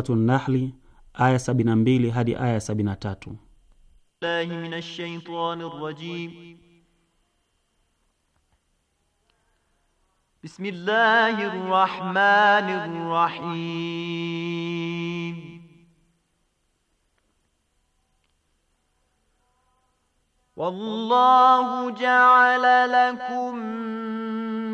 Suratu Nahli aya 72 hadi aya 73. Billahi minash shaitani rajim. Bismillahir Rahmanir Rahim. Wallahu ja'ala lakum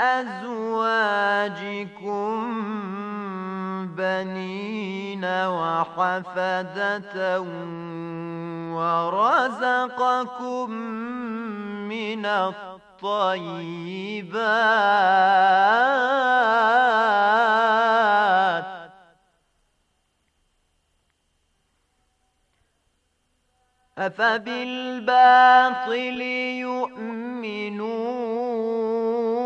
أزواجكم بنين وحفدة ورزقكم من الطيبات أفبالباطل يؤمنون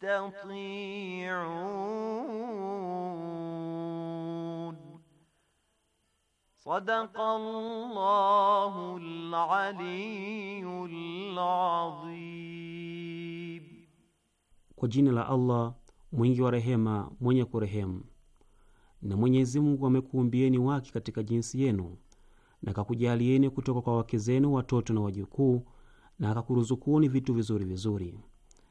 tastati'un. Sadaqallahul aliyyul azim. Kwa jina la Allah mwingi wa rehema, mwenye kurehemu. Na Mwenyezi Mungu amekuumbieni wake katika jinsi yenu na akakujalieni kutoka kwa wake zenu watoto na wajukuu na akakuruzukuni vitu vizuri vizuri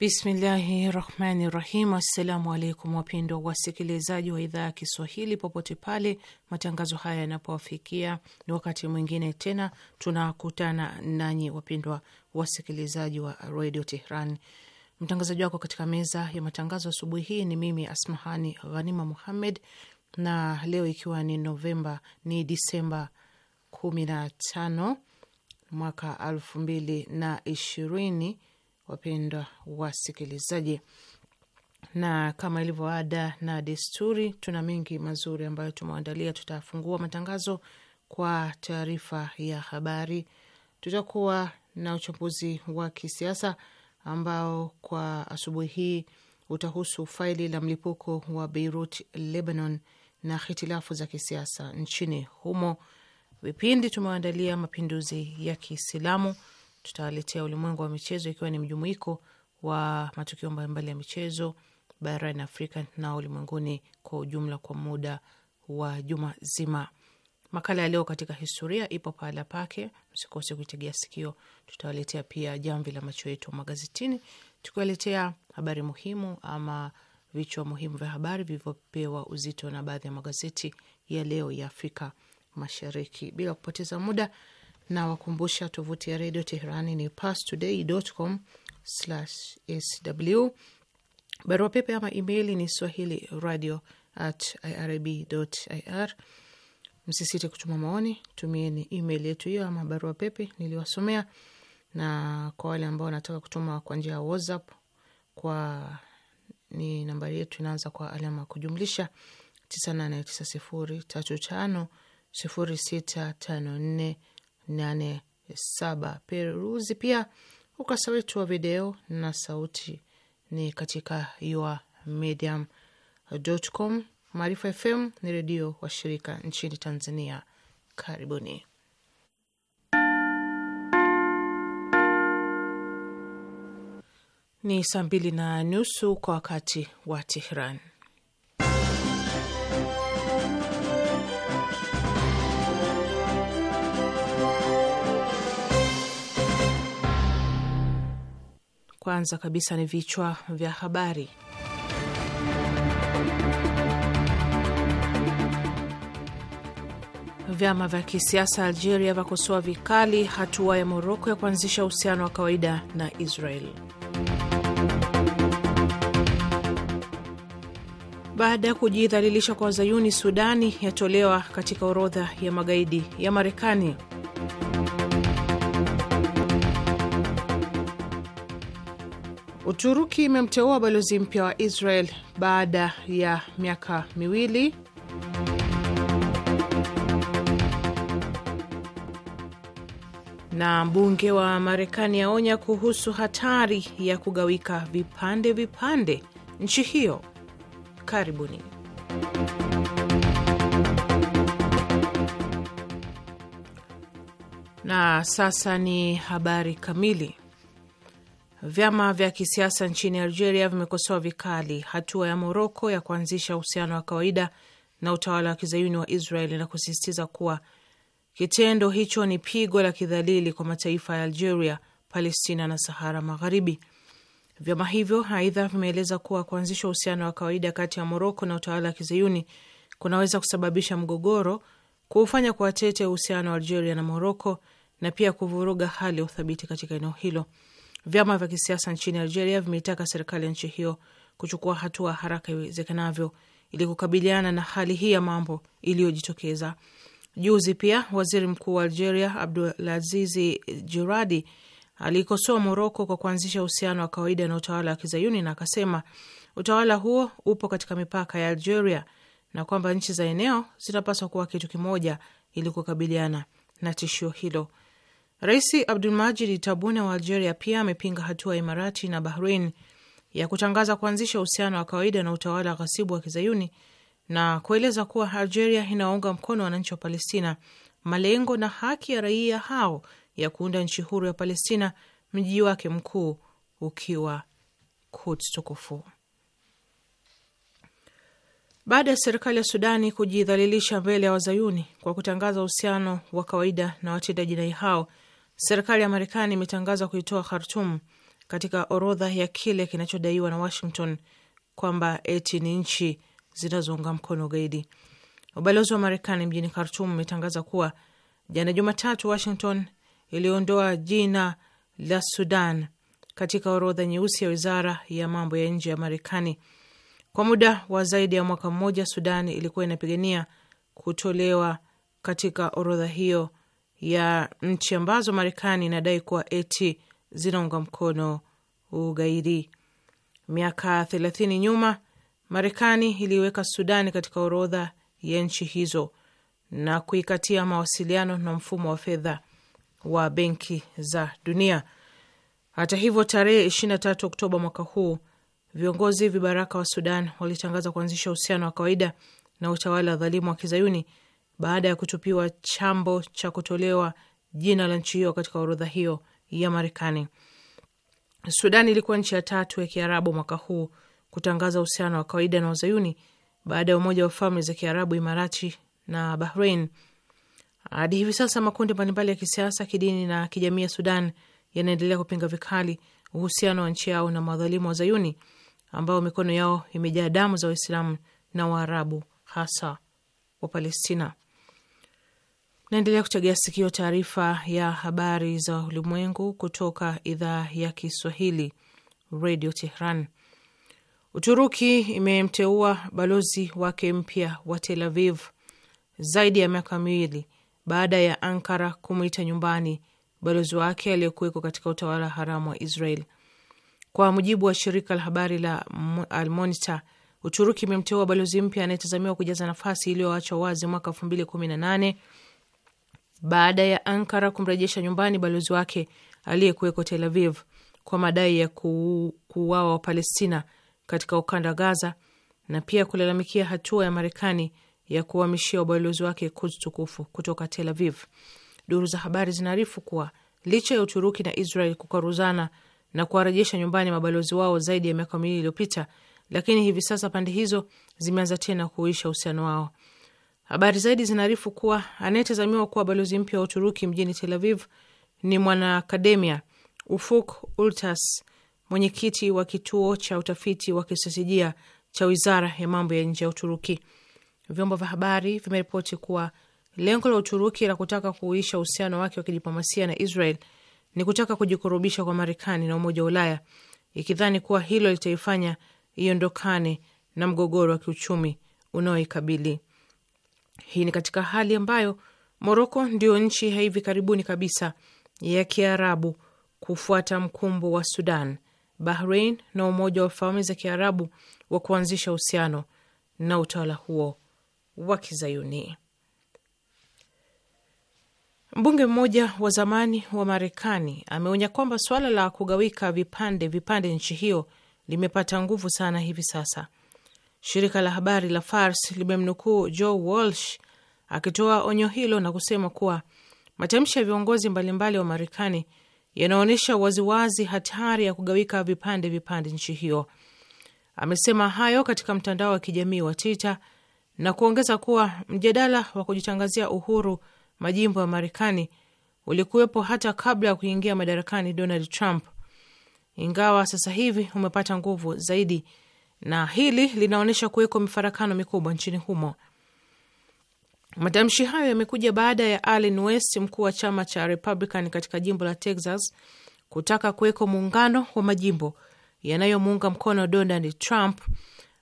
Bismillahi rahmani rahim. Assalamu alaikum wapendwa wasikilizaji wa idhaa ya Kiswahili popote pale matangazo haya yanapowafikia, ni wakati mwingine tena tunakutana nanyi wapendwa wasikilizaji wa redio Tehran. Mtangazaji wako katika meza ya matangazo asubuhi hii ni mimi Asmahani Ghanima Muhammed, na leo ikiwa ni Novemba ni Disemba kumi na tano mwaka elfu mbili na ishirini wapendwa wasikilizaji, na kama ilivyo ada na desturi, tuna mengi mazuri ambayo tumeandalia. Tutafungua matangazo kwa taarifa ya habari, tutakuwa na uchambuzi wa kisiasa ambao kwa asubuhi hii utahusu faili la mlipuko wa Beirut, Lebanon na hitilafu za kisiasa nchini humo. Vipindi tumeandalia mapinduzi ya Kiislamu tutawaletea ulimwengu wa michezo, ikiwa ni mjumuiko wa matukio mbalimbali ya michezo barani Afrika na ulimwenguni kwa ujumla kwa muda wa juma zima. Makala ya leo katika historia ipo pahala pake, msikose kuitegea sikio. Tutawaletea pia jamvi la macho yetu magazetini, tukiwaletea habari muhimu ama vichwa muhimu vya habari vilivyopewa uzito na baadhi ya magazeti ya leo ya Afrika Mashariki. Bila kupoteza muda nawakumbusha tovuti ya redio Teherani ni pastoday.com sw. Barua pepe ama emaili ni swahili radio at irib ir. Msisite kutuma maoni, tumieni email yetu hiyo ama barua pepe niliwasomea, na kwa wale ambao wanataka kutuma kwa njia ya WhatsApp kwa ni nambari yetu inaanza kwa alama kujumlisha 9890350654 887. Peruzi pia ukasa wetu wa video na sauti ni katika yourmedium.com. Maarifa FM ni redio wa shirika nchini Tanzania. Karibuni. Ni saa mbili na nusu kwa wakati wa Tehran. Kwanza kabisa ni vichwa vya habari. Vyama vya kisiasa Algeria vyakosoa vikali hatua ya Moroko ya kuanzisha uhusiano wa kawaida na Israel. Baada ya kujidhalilisha kwa Wazayuni, Sudani yatolewa katika orodha ya magaidi ya Marekani. Uturuki imemteua balozi mpya wa Israel baada ya miaka miwili. Na mbunge wa Marekani aonya kuhusu hatari ya kugawika vipande vipande nchi hiyo. Karibuni. Na sasa ni habari kamili. Vyama vya kisiasa nchini Algeria vimekosoa vikali hatua ya Moroko ya kuanzisha uhusiano wa kawaida na utawala wa kizayuni wa Israeli na kusisitiza kuwa kitendo hicho ni pigo la kidhalili kwa mataifa ya Algeria, Palestina na Sahara Magharibi. Vyama hivyo aidha vimeeleza kuwa kuanzisha uhusiano wa kawaida kati ya Moroko na utawala wa kizayuni kunaweza kusababisha mgogoro, kuufanya kuwatete uhusiano wa Algeria na Moroko na pia kuvuruga hali ya uthabiti katika eneo hilo. Vyama vya kisiasa nchini Algeria vimeitaka serikali ya nchi hiyo kuchukua hatua haraka iwezekanavyo ili kukabiliana na hali hii ya mambo iliyojitokeza juzi. Pia waziri mkuu wa Algeria Abdulazizi Jiradi alikosoa Moroko kwa kuanzisha uhusiano wa kawaida na utawala wa Kizayuni na akasema utawala huo upo katika mipaka ya Algeria na kwamba nchi za eneo zinapaswa kuwa kitu kimoja ili kukabiliana na tishio hilo. Rais Abdulmajid Tabune wa Algeria pia amepinga hatua ya Imarati na Bahrain ya kutangaza kuanzisha uhusiano wa kawaida na utawala ghasibu wa kizayuni na kueleza kuwa Algeria inawaunga mkono wananchi wa Palestina, malengo na haki ya raia hao ya kuunda nchi huru ya Palestina, mji wake mkuu ukiwa Quds tukufu. Baada ya serikali ya Sudani kujidhalilisha mbele ya wazayuni kwa kutangaza uhusiano wa kawaida na watendaji jinai hao Serikali ya Marekani imetangaza kuitoa Khartum katika orodha ya kile kinachodaiwa na Washington kwamba eti ni nchi zinazounga mkono ugaidi. Ubalozi wa Marekani mjini Khartum umetangaza kuwa jana Jumatatu, Washington iliondoa jina la Sudan katika orodha nyeusi ya wizara ya mambo ya nje ya Marekani. Kwa muda wa zaidi ya mwaka mmoja, Sudan ilikuwa inapigania kutolewa katika orodha hiyo ya nchi ambazo Marekani inadai kuwa eti zinaunga mkono ugaidi. Miaka thelathini nyuma, Marekani iliweka Sudani katika orodha ya nchi hizo na kuikatia mawasiliano na mfumo wa fedha wa benki za dunia. Hata hivyo, tarehe 23 Oktoba mwaka huu viongozi vibaraka wa Sudan walitangaza kuanzisha uhusiano wa kawaida na utawala wa dhalimu wa kizayuni baada ya kutupiwa chambo cha kutolewa jina la nchi hiyo katika orodha hiyo ya Marekani. Sudan ilikuwa nchi ya tatu ya Kiarabu mwaka huu kutangaza uhusiano wa kawaida na Wazayuni baada ya Umoja wa Falme za Kiarabu, Imarati na Bahrain. Hadi hivi sasa makundi mbalimbali ya kisiasa, kidini na kijamii ya Sudan yanaendelea kupinga vikali uhusiano wa nchi yao na madhalimu wa Zayuni ambao mikono yao imejaa damu za Waislamu na Waarabu, hasa wa Palestina. Naendelea kuchagia sikio taarifa ya habari za ulimwengu kutoka idhaa ya Kiswahili Radio Tehran. Uturuki imemteua balozi wake mpya wa Tel Aviv zaidi ya miaka miwili baada ya Ankara kumwita nyumbani balozi wake aliyekuwekwa katika utawala haramu wa Israel. Kwa mujibu wa shirika la habari la Almonita, Uturuki imemteua balozi mpya anayetazamiwa kujaza nafasi iliyoachwa wazi mwaka elfu mbili kumi na nane baada ya Ankara kumrejesha nyumbani balozi wake aliyekuweko Tel Aviv kwa madai ya kuuawa Wapalestina katika ukanda wa Gaza na pia kulalamikia hatua ya Marekani ya kuhamishia ubalozi wake Quds tukufu kutoka Tel Aviv. Duru za habari zinaarifu kuwa licha ya Uturuki na Israel kukaruzana na kuwarejesha nyumbani mabalozi wao zaidi ya miaka miwili iliyopita, lakini hivi sasa pande hizo zimeanza tena kuisha uhusiano wao. Habari zaidi zinaarifu kuwa anayetazamiwa kuwa balozi mpya wa Uturuki mjini Tel Aviv ni mwanaakademia Ufuk Ultas, mwenyekiti wa kituo cha utafiti wa kistratejia cha wizara ya mambo ya nje ya Uturuki. Vyombo vya habari vimeripoti kuwa lengo la Uturuki la kutaka kuisha uhusiano wake wa kidiplomasia na Israel ni kutaka kujikurubisha kwa Marekani na Umoja wa Ulaya, ikidhani kuwa hilo litaifanya iondokane na mgogoro wa kiuchumi unaoikabili hii ni katika hali ambayo Moroko ndiyo nchi ya hivi karibuni kabisa ya Kiarabu kufuata mkumbo wa Sudan, Bahrain na Umoja wa Falme za Kiarabu wa kuanzisha uhusiano na utawala huo wa Kizayuni. Mbunge mmoja wa zamani wa Marekani ameonya kwamba suala la kugawika vipande vipande nchi hiyo limepata nguvu sana hivi sasa Shirika la habari la Fars limemnukuu Joe Walsh akitoa onyo hilo na kusema kuwa matamshi ya viongozi mbalimbali wa Marekani yanaonyesha waziwazi hatari ya kugawika vipande vipande nchi hiyo. Amesema hayo katika mtandao wa kijamii wa Twitter na kuongeza kuwa mjadala wa kujitangazia uhuru majimbo ya Marekani ulikuwepo hata kabla ya kuingia madarakani Donald Trump, ingawa sasa hivi umepata nguvu zaidi na hili linaonyesha kuwekwa mifarakano mikubwa nchini humo. Matamshi hayo yamekuja baada ya Allen West, mkuu wa chama cha Republican katika jimbo la Texas, kutaka kuwekwa muungano wa majimbo yanayomuunga mkono Donald Trump,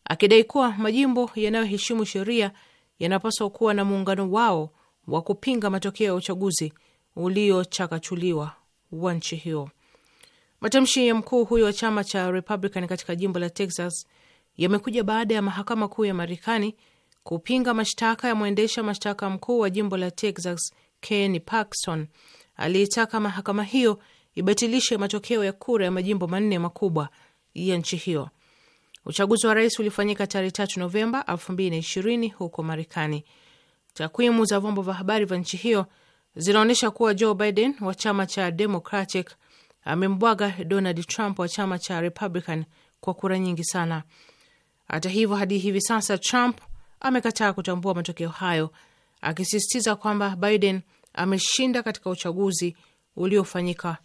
akidai kuwa majimbo yanayoheshimu sheria yanapaswa kuwa na muungano wao wa kupinga matokeo ya uchaguzi uliochakachuliwa wa nchi hiyo. Matamshi ya mkuu huyo wa chama cha Republican katika jimbo la Texas yamekuja baada ya mahakama kuu ya Marekani kupinga mashtaka ya mwendesha mashtaka mkuu wa jimbo la Texas Ken Paxton aliyetaka mahakama hiyo ibatilishe matokeo ya kura ya majimbo manne makubwa ya nchi hiyo. Uchaguzi wa rais ulifanyika tarehe tatu Novemba ishirini huko Marekani. Takwimu za vyombo vya habari vya nchi hiyo zinaonyesha kuwa Joe Biden wa chama cha Democratic amembwaga Donald Trump wa chama cha Republican kwa kura nyingi sana. Hata hivyo, hadi hivi sasa Trump amekataa kutambua matokeo hayo, akisisitiza kwamba Biden ameshinda katika uchaguzi uliofanyika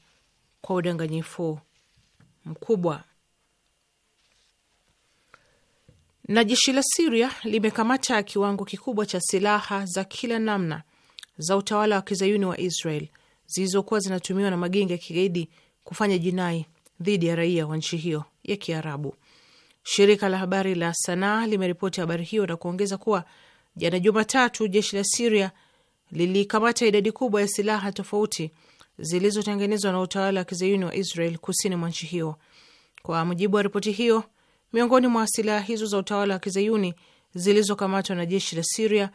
kwa udanganyifu mkubwa. Na jeshi la Siria limekamata kiwango kikubwa cha silaha za kila namna za utawala wa kizayuni wa Israel zilizokuwa zinatumiwa na magenge ya kigaidi kufanya jinai dhidi ya raia wa nchi hiyo ya Kiarabu. Shirika la habari la Sanaa limeripoti habari hiyo na kuongeza kuwa jana Jumatatu, jeshi la Siria lilikamata idadi kubwa ya silaha tofauti zilizotengenezwa na utawala wa kizayuni wa Israel kusini mwa nchi hiyo. Kwa mujibu wa ripoti hiyo, miongoni mwa silaha hizo za utawala wa kizayuni zilizokamatwa na jeshi la Siria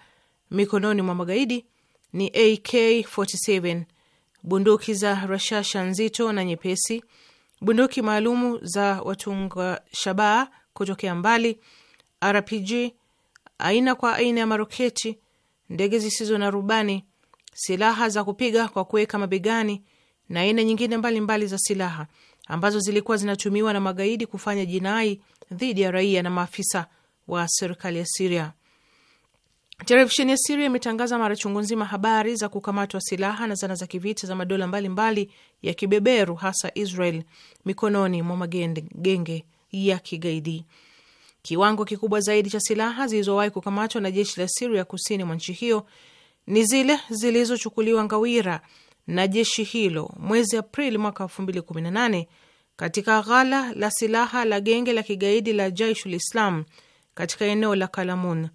mikononi mwa magaidi ni AK47, bunduki za rashasha nzito na nyepesi bunduki maalumu za watunga shabaha kutokea mbali, RPG aina kwa aina ya maroketi, ndege zisizo na rubani, silaha za kupiga kwa kuweka mabegani na aina nyingine mbalimbali mbali za silaha ambazo zilikuwa zinatumiwa na magaidi kufanya jinai dhidi ya raia na maafisa wa serikali ya Siria. Televisheni ya Siria imetangaza mara chungu nzima habari za kukamatwa silaha na zana za kivita za madola mbalimbali mbali ya kibeberu hasa Israel mikononi mwa magenge ya kigaidi. Kiwango kikubwa zaidi cha silaha zilizowahi kukamatwa na jeshi la Siria kusini mwa nchi hiyo ni zile zilizochukuliwa ngawira na jeshi hilo mwezi Aprili mwaka 2018 katika ghala la silaha la genge la kigaidi la Jaishul Islam katika eneo la Kalamun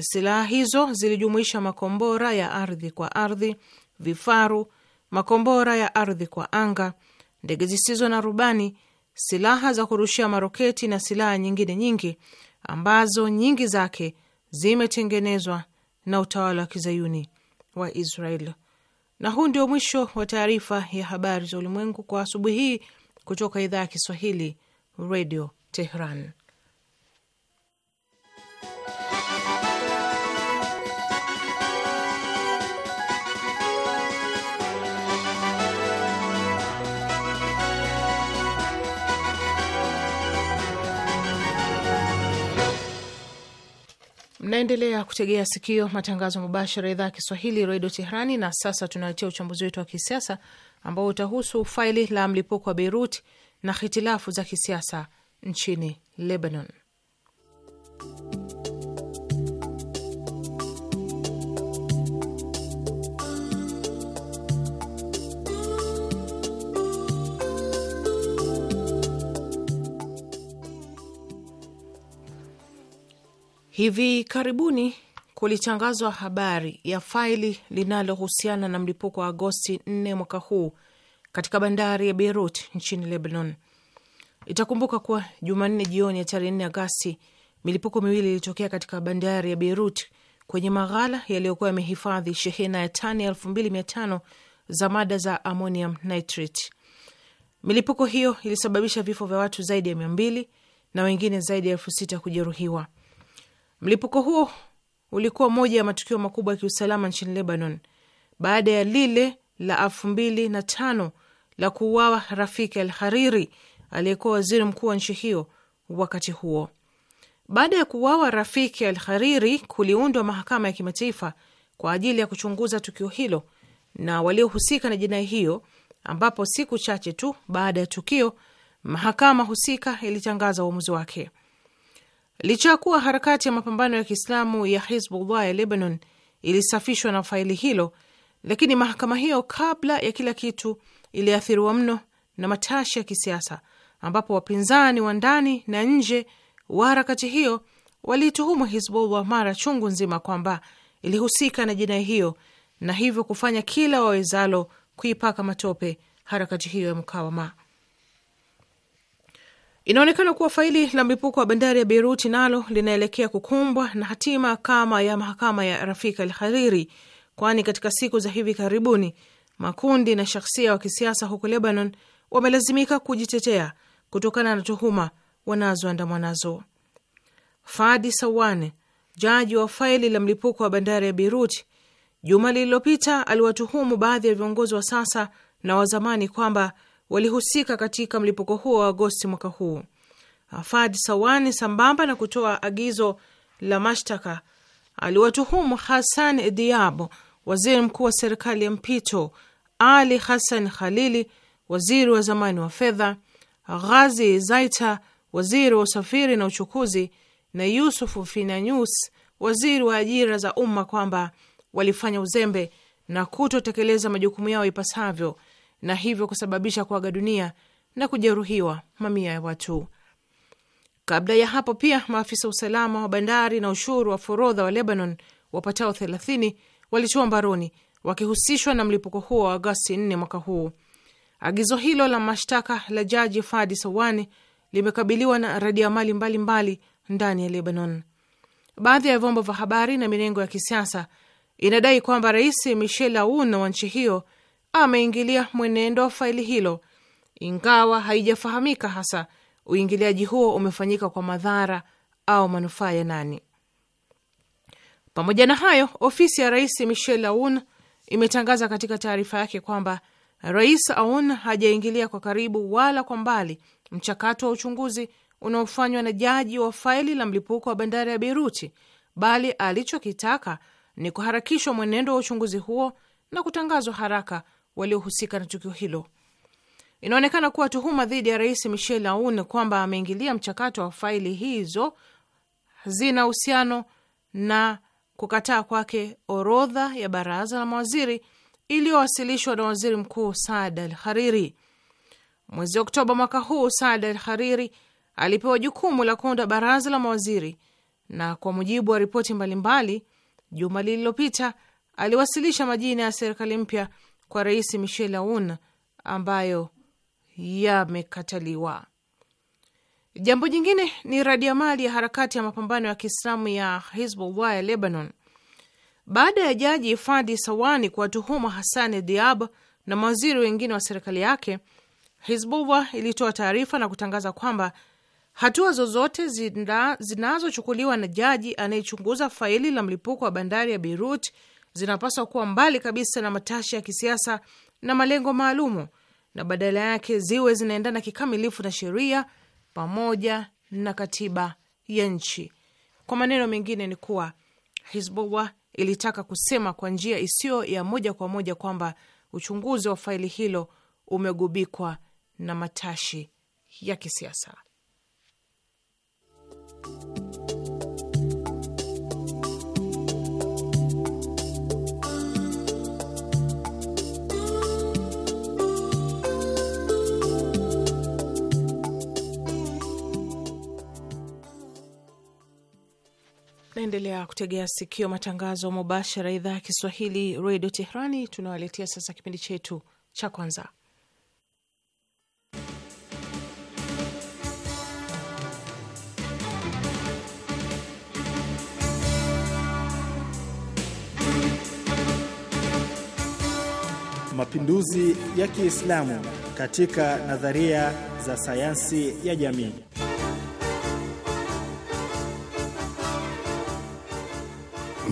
Silaha hizo zilijumuisha makombora ya ardhi kwa ardhi, vifaru, makombora ya ardhi kwa anga, ndege zisizo na rubani, silaha za kurushia maroketi na silaha nyingine nyingi ambazo nyingi zake zimetengenezwa na utawala wa kizayuni wa Israel. Na huu ndio mwisho wa taarifa ya habari za ulimwengu kwa asubuhi hii kutoka idhaa ya Kiswahili, Radio Tehran. Mnaendelea kutegea sikio matangazo mubashara ya idhaa ya Kiswahili redio Tehrani. Na sasa tunaletea uchambuzi wetu wa kisiasa ambao utahusu faili la mlipuko wa Beirut na hitilafu za kisiasa nchini Lebanon. Hivi karibuni kulitangazwa habari ya faili linalohusiana na mlipuko wa Agosti 4 mwaka huu katika bandari ya Beirut nchini Lebanon. Itakumbuka kuwa Jumanne jioni ya tarehe 4 Agasti, milipuko miwili ilitokea katika bandari ya Beirut kwenye maghala yaliyokuwa yamehifadhi shehena ya tani 2500 za mada za ammonium nitrate. Milipuko hiyo ilisababisha vifo vya watu zaidi ya 200 na wengine zaidi ya elfu sita kujeruhiwa. Mlipuko huo ulikuwa moja ya matukio makubwa ya kiusalama nchini Lebanon baada ya lile la elfu mbili na tano la kuuawa Rafiki al Hariri aliyekuwa waziri mkuu wa nchi hiyo wakati huo. Baada ya kuuawa Rafiki al Hariri, kuliundwa mahakama ya kimataifa kwa ajili ya kuchunguza tukio hilo na waliohusika na jinai hiyo, ambapo siku chache tu baada ya tukio mahakama husika ilitangaza uamuzi wake. Licha ya kuwa harakati ya mapambano ya Kiislamu ya Hizbullah ya Lebanon ilisafishwa na faili hilo, lakini mahakama hiyo kabla ya kila kitu iliathiriwa mno na matashi ya kisiasa, ambapo wapinzani wa ndani na nje wa harakati hiyo waliituhumu Hizbullah mara chungu nzima kwamba ilihusika na jinai hiyo na hivyo kufanya kila wawezalo kuipaka matope harakati hiyo ya mkawama. Inaonekana kuwa faili la mlipuko wa bandari ya Beiruti nalo linaelekea kukumbwa na hatima kama ya mahakama ya Rafik al Hariri, kwani katika siku za hivi karibuni makundi na shahsia wa kisiasa huko Lebanon wamelazimika kujitetea kutokana na tuhuma wanazoandamwa nazo. Fadi Sawane, jaji wa faili la mlipuko wa bandari ya Beiruti, juma lililopita aliwatuhumu baadhi ya viongozi wa sasa na wazamani kwamba walihusika katika mlipuko huo wa Agosti mwaka huu. Afad Sawani, sambamba na kutoa agizo la mashtaka, aliwatuhumu Hassan Diabo, waziri mkuu wa serikali ya mpito, Ali Hassan Khalili, waziri wa zamani wa fedha, Ghazi Zaita, waziri wa usafiri na uchukuzi, na Yusufu Finanyus, waziri wa ajira za umma, kwamba walifanya uzembe na kutotekeleza majukumu yao ipasavyo na hivyo kusababisha kuaga dunia na kujeruhiwa mamia ya watu. Kabla ya hapo pia maafisa usalama wa bandari na ushuru wa forodha wa Lebanon wapatao 30 walitiwa mbaroni wakihusishwa na mlipuko huo wa Agosti 4 mwaka huu. Agizo hilo la mashtaka la jaji Fadi Sawani limekabiliwa na radiamali mbalimbali ndani ya Lebanon. Baadhi ya vyombo vya habari na mirengo ya kisiasa inadai kwamba Rais Michel Aoun wa nchi hiyo ameingilia mwenendo wa faili hilo, ingawa haijafahamika hasa uingiliaji huo umefanyika kwa madhara au manufaa ya nani. Pamoja na hayo, ofisi ya rais Michel Aoun imetangaza katika taarifa yake kwamba Rais Aoun hajaingilia kwa karibu wala kwa mbali mchakato wa uchunguzi unaofanywa na jaji wa faili la mlipuko wa bandari ya Beiruti, bali alichokitaka ni kuharakishwa mwenendo wa uchunguzi huo na kutangazwa haraka waliohusika na tukio hilo. Inaonekana kuwa tuhuma dhidi ya Rais Michel Aoun kwamba ameingilia mchakato wa faili hizo zina uhusiano na kukataa kwake orodha ya baraza la mawaziri iliyowasilishwa na waziri mkuu Saad Al Hariri. Mwezi Oktoba mwaka huu, Saad Al Hariri alipewa jukumu la kuunda baraza la mawaziri, na kwa mujibu wa ripoti mbalimbali, juma lililopita aliwasilisha majina ya serikali mpya kwa Rais Michel Aoun ambayo yamekataliwa. Jambo jingine ni radiamali ya harakati ya mapambano ya Kiislamu ya Hizbullah ya Lebanon baada ya jaji Fadi Sawani kuwatuhuma Hasani Diab na mawaziri wengine wa serikali yake. Hizbullah ilitoa taarifa na kutangaza kwamba hatua zozote zinazochukuliwa na jaji anayechunguza faili la mlipuko wa bandari ya Beirut zinapaswa kuwa mbali kabisa na matashi ya kisiasa na malengo maalumu na badala yake ziwe zinaendana kikamilifu na sheria pamoja na katiba ya nchi. Kwa maneno mengine ni kuwa Hizbullah ilitaka kusema kwa njia isiyo ya moja kwa moja kwamba uchunguzi wa faili hilo umegubikwa na matashi ya kisiasa. Naendelea kutegea sikio matangazo mubashara idhaa ya Kiswahili redio teherani Tunawaletea sasa kipindi chetu cha kwanza, mapinduzi ya Kiislamu katika nadharia za sayansi ya jamii.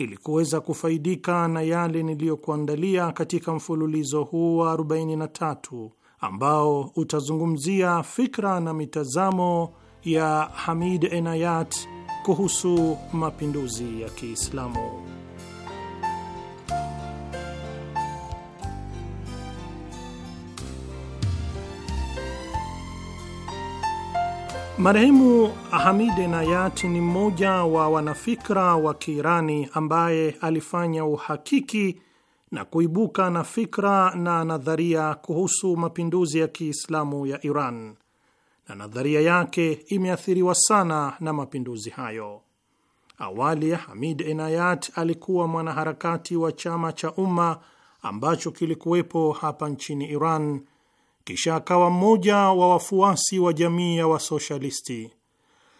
ili kuweza kufaidika na yale niliyokuandalia katika mfululizo huu wa 43 ambao utazungumzia fikra na mitazamo ya Hamid Enayat kuhusu mapinduzi ya Kiislamu. Marehemu Hamid Enayat ni mmoja wa wanafikra wa Kiirani ambaye alifanya uhakiki na kuibuka na fikra na nadharia kuhusu mapinduzi ya Kiislamu ya Iran, na nadharia yake imeathiriwa sana na mapinduzi hayo. Awali Hamid Enayat alikuwa mwanaharakati wa chama cha Umma ambacho kilikuwepo hapa nchini Iran kisha akawa mmoja wa wafuasi wa jamii ya wasoshalisti.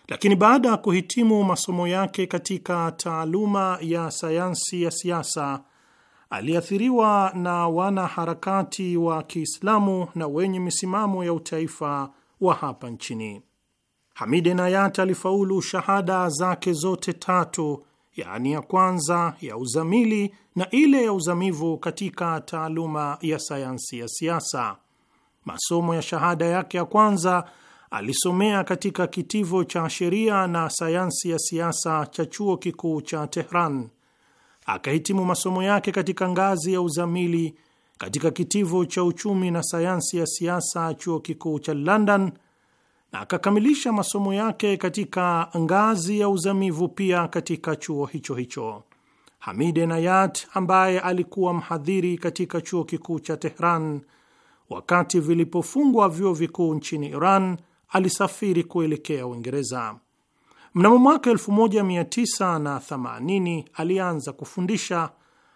Lakini baada ya kuhitimu masomo yake katika taaluma ya sayansi ya siasa, aliathiriwa na wanaharakati wa Kiislamu na wenye misimamo ya utaifa wa hapa nchini. Hamid Enayat alifaulu shahada zake zote tatu, yaani ya kwanza, ya uzamili na ile ya uzamivu katika taaluma ya sayansi ya siasa. Masomo ya shahada yake ya kwanza alisomea katika kitivo cha sheria na sayansi ya siasa cha chuo kikuu cha Tehran. Akahitimu masomo yake katika ngazi ya uzamili katika kitivo cha uchumi na sayansi ya siasa chuo kikuu cha London na akakamilisha masomo yake katika ngazi ya uzamivu pia katika chuo hicho hicho. Hamid Enayat ambaye alikuwa mhadhiri katika chuo kikuu cha Tehran Wakati vilipofungwa vyuo vikuu nchini Iran, alisafiri kuelekea Uingereza. Mnamo mwaka 1980 alianza kufundisha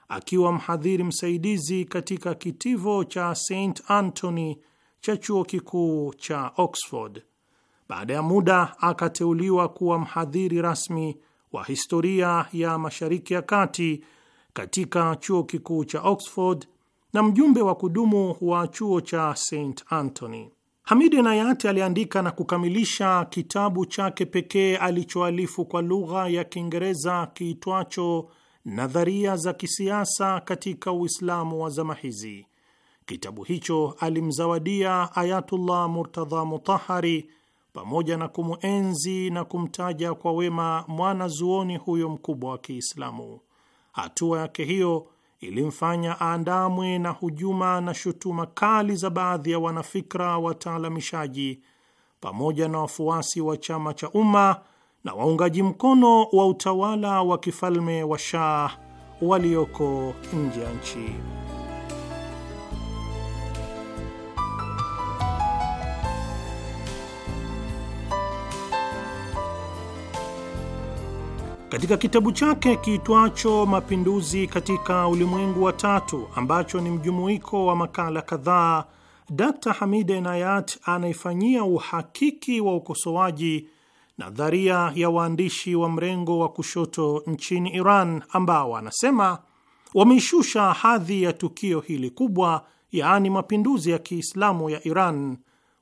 akiwa mhadhiri msaidizi katika kitivo cha St Anthony cha chuo kikuu cha Oxford. Baada ya muda akateuliwa kuwa mhadhiri rasmi wa historia ya Mashariki ya Kati katika chuo kikuu cha Oxford na mjumbe wa kudumu wa chuo cha St antony Hamid nayati aliandika na kukamilisha kitabu chake pekee alichoalifu kwa lugha ya Kiingereza kiitwacho Nadharia za Kisiasa katika Uislamu wa Zama Hizi. Kitabu hicho alimzawadia Ayatullah Murtadha Mutahari pamoja na kumuenzi na kumtaja kwa wema mwanazuoni huyo mkubwa wa Kiislamu. Hatua yake hiyo ilimfanya aandamwe na hujuma na shutuma kali za baadhi ya wanafikra wataalamishaji pamoja na wafuasi wa chama cha umma na waungaji mkono wa utawala wa kifalme wa Shah walioko nje ya nchi. Katika kitabu chake kiitwacho Mapinduzi katika Ulimwengu wa Tatu, ambacho ni mjumuiko wa makala kadhaa, Dr Hamid Enayat anaifanyia uhakiki wa ukosoaji nadharia ya waandishi wa mrengo wa kushoto nchini Iran, ambao anasema wameishusha hadhi ya tukio hili kubwa, yaani mapinduzi ya Kiislamu ya Iran,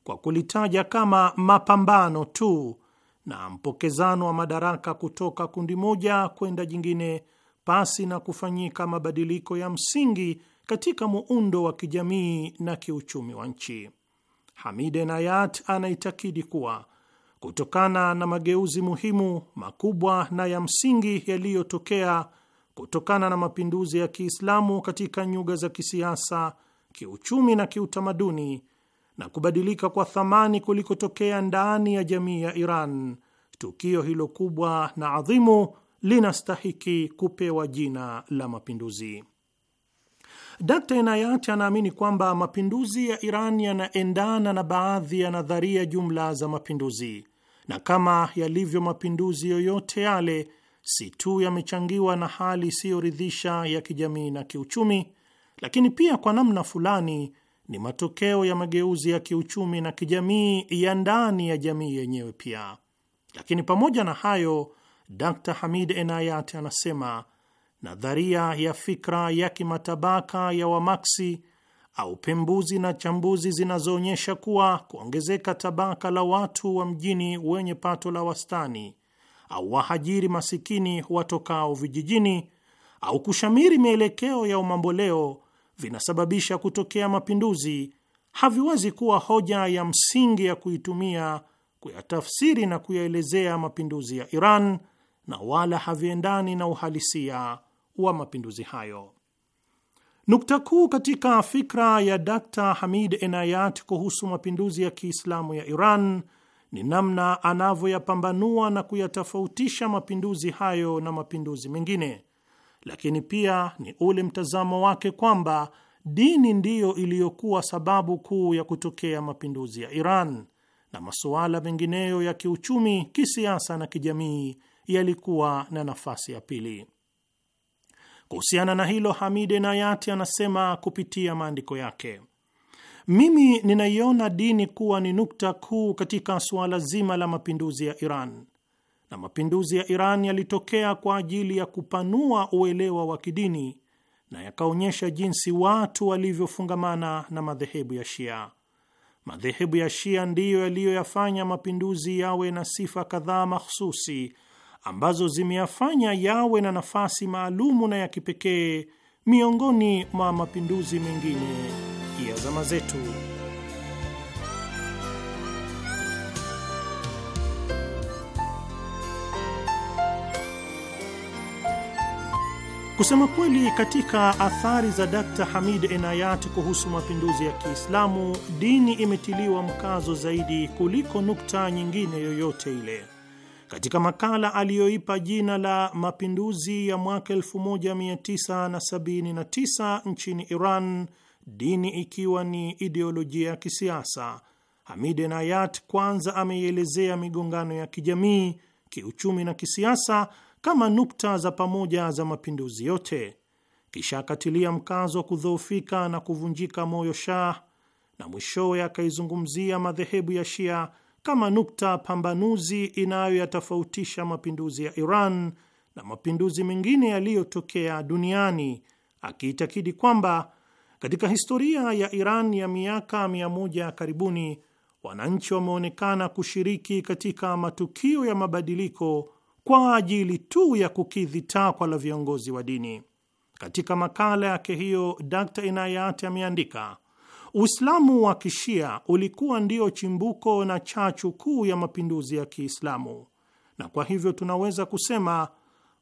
kwa kulitaja kama mapambano tu na mpokezano wa madaraka kutoka kundi moja kwenda jingine pasi na kufanyika mabadiliko ya msingi katika muundo wa kijamii na kiuchumi wa nchi. Hamid Enayat anaitakidi kuwa kutokana na mageuzi muhimu makubwa na ya msingi yaliyotokea kutokana na mapinduzi ya Kiislamu katika nyuga za kisiasa, kiuchumi na kiutamaduni na kubadilika kwa thamani kulikotokea ndani ya jamii ya Iran, tukio hilo kubwa na adhimu linastahiki kupewa jina la mapinduzi. Dkt Inayati anaamini kwamba mapinduzi ya Iran yanaendana na baadhi ya nadharia jumla za mapinduzi, na kama yalivyo mapinduzi yoyote yale, si tu yamechangiwa na hali isiyoridhisha ya kijamii na kiuchumi, lakini pia kwa namna fulani ni matokeo ya mageuzi ya kiuchumi na kijamii ya ndani ya jamii yenyewe pia. Lakini pamoja na hayo, Dr Hamid Enayat anasema nadharia ya fikra ya kimatabaka ya Wamaksi au pembuzi na chambuzi zinazoonyesha kuwa kuongezeka tabaka la watu wa mjini wenye pato la wastani au wahajiri masikini watokao vijijini au kushamiri mielekeo ya umamboleo vinasababisha kutokea mapinduzi haviwezi kuwa hoja ya msingi ya kuitumia kuyatafsiri na kuyaelezea mapinduzi ya Iran na wala haviendani na uhalisia wa mapinduzi hayo. Nukta kuu katika fikra ya Dr. Hamid Enayat kuhusu mapinduzi ya Kiislamu ya Iran ni namna anavyoyapambanua na kuyatofautisha mapinduzi hayo na mapinduzi mengine lakini pia ni ule mtazamo wake kwamba dini ndiyo iliyokuwa sababu kuu ya kutokea mapinduzi ya Iran na masuala mengineyo ya kiuchumi, kisiasa na kijamii yalikuwa na nafasi ya pili. Kuhusiana na hilo, Hamid Enayati anasema kupitia maandiko yake, mimi ninaiona dini kuwa ni nukta kuu katika suala zima la mapinduzi ya Iran na mapinduzi ya Iran yalitokea kwa ajili ya kupanua uelewa wa kidini na yakaonyesha jinsi watu walivyofungamana na madhehebu ya Shia. Madhehebu ya Shia ndiyo yaliyoyafanya mapinduzi yawe na sifa kadhaa mahsusi ambazo zimeyafanya yawe na nafasi maalumu na ya kipekee miongoni mwa mapinduzi mengine ya zama zetu. Kusema kweli, katika athari za Dkt Hamid Enayat kuhusu mapinduzi ya Kiislamu, dini imetiliwa mkazo zaidi kuliko nukta nyingine yoyote ile. Katika makala aliyoipa jina la mapinduzi ya mwaka 1979 nchini Iran, dini ikiwa ni ideolojia ya kisiasa, Hamid Enayat kwanza ameielezea migongano ya kijamii, kiuchumi na kisiasa kama nukta za pamoja za mapinduzi yote, kisha akatilia mkazo wa kudhoofika na kuvunjika moyo Shah na mwishowe akaizungumzia madhehebu ya Shia kama nukta pambanuzi inayoyatofautisha mapinduzi ya Iran na mapinduzi mengine yaliyotokea duniani, akiitakidi kwamba katika historia ya Iran ya miaka mia moja ya karibuni wananchi wameonekana kushiriki katika matukio ya mabadiliko kwa ajili tu ya kukidhi takwa la viongozi wa dini. Katika makala yake hiyo, Dr Inayati ameandika Uislamu wa kishia ulikuwa ndio chimbuko na chachu kuu ya mapinduzi ya Kiislamu, na kwa hivyo tunaweza kusema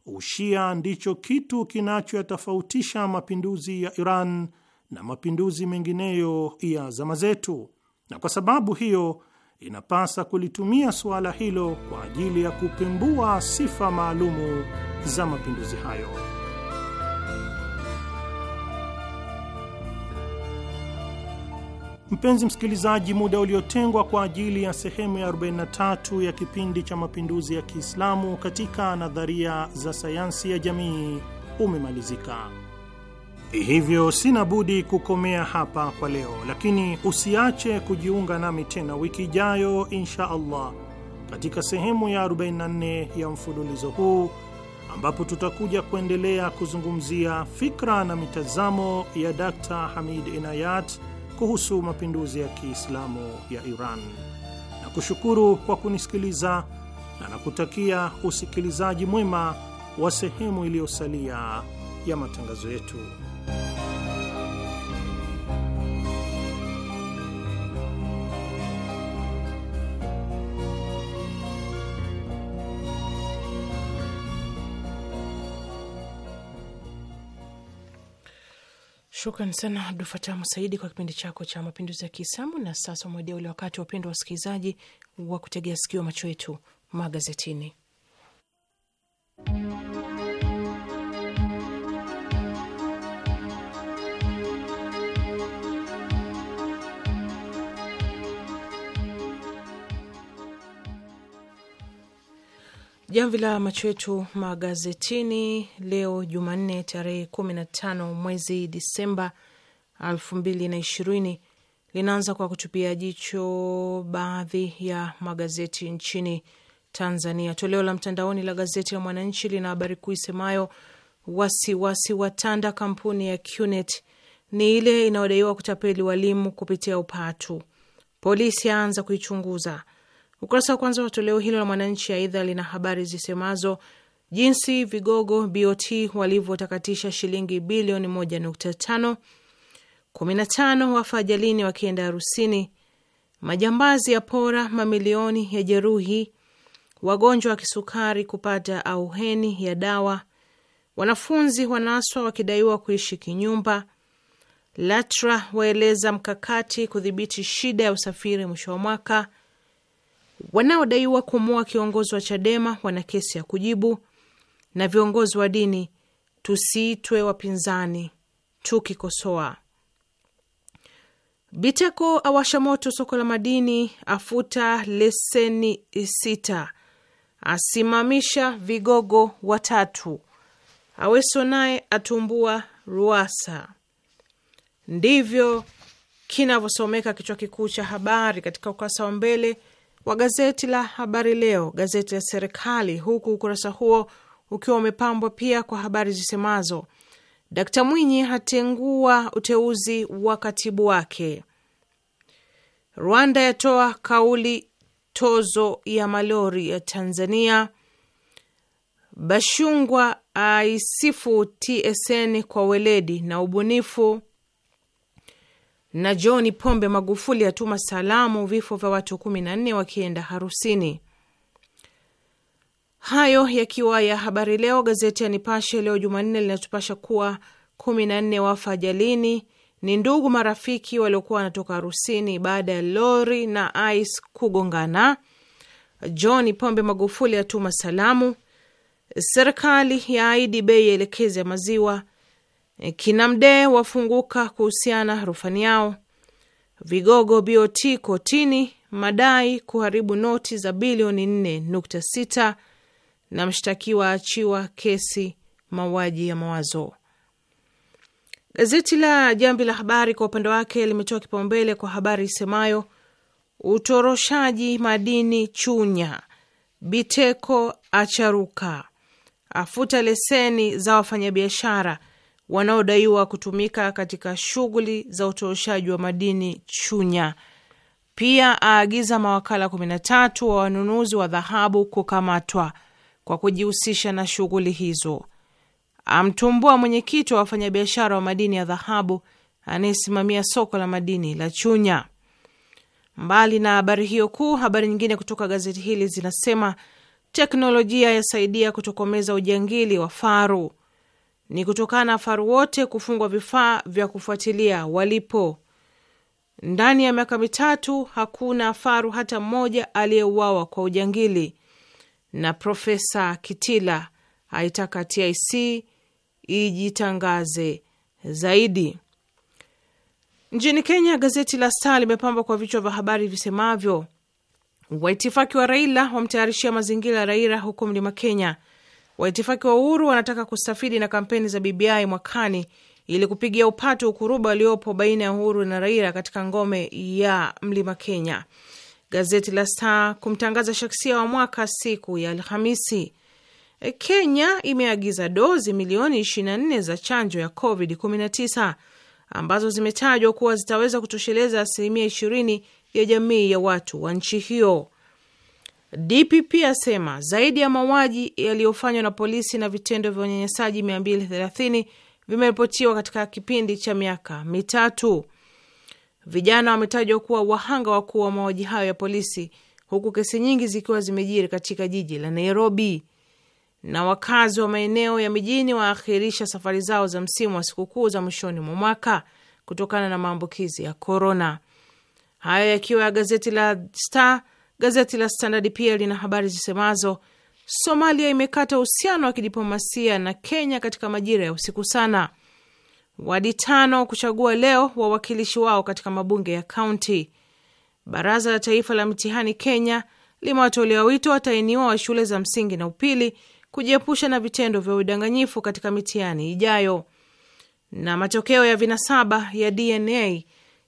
ushia ndicho kitu kinachoyatofautisha mapinduzi ya Iran na mapinduzi mengineyo ya zama zetu, na kwa sababu hiyo inapasa kulitumia suala hilo kwa ajili ya kupembua sifa maalumu za mapinduzi hayo. Mpenzi msikilizaji, muda uliotengwa kwa ajili ya sehemu ya 43 ya kipindi cha mapinduzi ya Kiislamu katika nadharia za sayansi ya jamii umemalizika. Hivyo sina budi kukomea hapa kwa leo, lakini usiache kujiunga nami tena wiki ijayo insha Allah katika sehemu ya 44 ya mfululizo huu ambapo tutakuja kuendelea kuzungumzia fikra na mitazamo ya Dkt. Hamid Inayat kuhusu mapinduzi ya Kiislamu ya Iran. Nakushukuru kwa kunisikiliza na nakutakia usikilizaji mwema wa sehemu iliyosalia ya matangazo yetu. Shukran sana abdu Fatah Musaidi kwa kipindi chako cha mapinduzi ya Kiislamu. Na sasa mwedia ule wakati wa upendo wa wasikilizaji wa kutegea sikio, macho yetu magazetini Jamvi la macho yetu magazetini leo Jumanne tarehe kumi na tano mwezi Disemba elfu mbili na ishirini linaanza kwa kutupia jicho baadhi ya magazeti nchini Tanzania. Toleo la mtandaoni la gazeti la Mwananchi lina habari kuu isemayo wasiwasi watanda kampuni ya QNet ni ile inayodaiwa kutapeli walimu kupitia upatu, polisi aanza kuichunguza Ukurasa wa kwanza wa toleo hilo la Mwananchi aidha lina habari zisemazo jinsi vigogo BOT walivyotakatisha shilingi bilioni moja nukta tano, kumi na tano wafa ajalini wakienda harusini, majambazi ya pora mamilioni ya jeruhi, wagonjwa wa kisukari kupata auheni ya dawa, wanafunzi wanaswa wakidaiwa kuishi kinyumba, LATRA waeleza mkakati kudhibiti shida ya usafiri mwisho wa mwaka Wanaodaiwa kumua kiongozi wa Chadema wana kesi ya kujibu, na viongozi wa dini tusiitwe wapinzani tukikosoa. Biteko awasha moto soko la madini, afuta leseni sita, asimamisha vigogo watatu, Aweso naye atumbua Ruasa. Ndivyo kinavyosomeka kichwa kikuu cha habari katika ukurasa wa mbele wa gazeti la Habari Leo, gazeti la serikali, huku ukurasa huo ukiwa umepambwa pia kwa habari zisemazo Dkt Mwinyi hatengua uteuzi wa katibu wake, Rwanda yatoa kauli tozo ya malori ya Tanzania, Bashungwa aisifu TSN kwa weledi na ubunifu, na John Pombe Magufuli atuma salamu, vifo vya watu kumi na nne wakienda harusini. Hayo yakiwa ya habari leo. Gazeti ya Nipashe leo Jumanne linatupasha kuwa kumi na nne wafa ajalini ni ndugu marafiki waliokuwa wanatoka harusini baada ya lori na ice kugongana. John Pombe Magufuli atuma salamu. Serikali ya aidi bei yaelekezi elekezi ya maziwa. E, kina wafunguka kuhusiana rufani yao. Vigogo BOT kotini madai kuharibu noti za bilioni 4.6 na mshtakiwa aachiwa kesi mauaji ya mawazo. Gazeti la jambi la Habari kwa upande wake limetoa kipaumbele kwa habari isemayo utoroshaji madini Chunya, Biteko acharuka, afuta leseni za wafanyabiashara wanaodaiwa kutumika katika shughuli za utoroshaji wa madini Chunya. Pia aagiza mawakala 13 wa wanunuzi wa dhahabu kukamatwa kwa kujihusisha na shughuli hizo. Amtumbua mwenyekiti wa wafanyabiashara wa madini ya dhahabu anayesimamia soko la madini la Chunya. Mbali na habari hiyo kuu, habari nyingine kutoka gazeti hili zinasema teknolojia yasaidia kutokomeza ujangili wa faru ni kutokana na faru wote kufungwa vifaa vya kufuatilia walipo. Ndani ya miaka mitatu hakuna faru hata mmoja aliyeuawa kwa ujangili, na Profesa Kitila aitaka TIC ijitangaze zaidi. Nchini Kenya, gazeti la Star limepambwa kwa vichwa vya habari visemavyo: waitifaki wa Raila wamtayarishia mazingira ya Raila huko mlima Kenya, Waitifaki wa uhuru wanataka kustafidi na kampeni za BBI mwakani ili kupigia upatu ukuruba uliopo baina ya Uhuru na Raila katika ngome ya mlima Kenya. Gazeti la Star kumtangaza shaksia wa mwaka siku ya Alhamisi. Kenya imeagiza dozi milioni 24 za chanjo ya COVID-19 ambazo zimetajwa kuwa zitaweza kutosheleza asilimia 20 ya jamii ya watu wa nchi hiyo. DPP asema zaidi ya mauaji yaliyofanywa na polisi na vitendo vya unyanyasaji 230 vimeripotiwa katika kipindi cha miaka mitatu. Vijana wametajwa kuwa wahanga wakuu wa mauaji hayo ya polisi, huku kesi nyingi zikiwa zimejiri katika jiji la Nairobi. Na wakazi wa maeneo ya mijini waahirisha safari zao za msimu wa sikukuu za mwishoni mwa mwaka kutokana na maambukizi ya korona. Hayo yakiwa ya gazeti la Star Gazeti la Standard pia lina habari zisemazo Somalia imekata uhusiano wa kidiplomasia na Kenya katika majira ya usiku sana. Wadi tano kuchagua leo wawakilishi wao katika mabunge ya kaunti. Baraza la Taifa la Mtihani Kenya limewatolea wito watainiwa wa shule za msingi na upili kujiepusha na vitendo vya udanganyifu katika mitihani ijayo. Na matokeo ya vinasaba ya DNA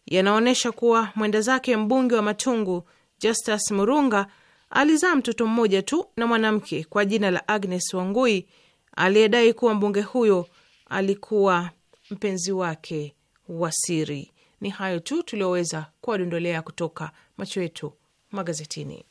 yanaonyesha kuwa mwenda zake mbunge wa Matungu Justus Murunga alizaa mtoto mmoja tu na mwanamke kwa jina la Agnes Wangui aliyedai kuwa mbunge huyo alikuwa mpenzi wake wa siri. Ni hayo tu tulioweza kuwadondolea kutoka macho yetu magazetini.